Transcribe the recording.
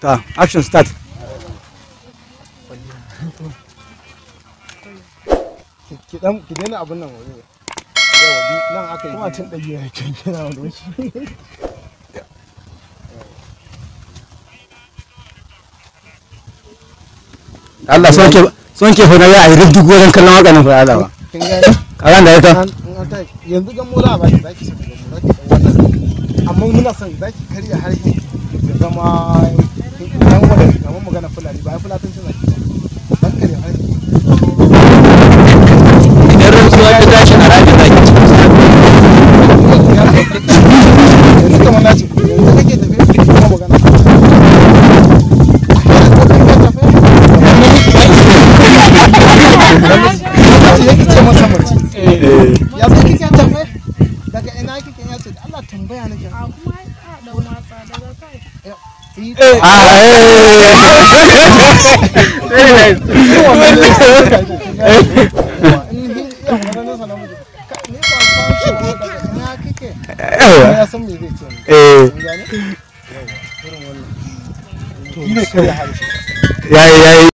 ta action start ki dan ki abin nan nan aka yi kuma tun kira wani Allah son ke son ke fa ya yi duk gurin kallon nan fa Allah ba ran da ita yanzu gan mu za ba ki zaki amma muna son zaki karya har zama फुल आते हैं बंद करिए tambaya na jama'a. Abuwa ah, ya ɗan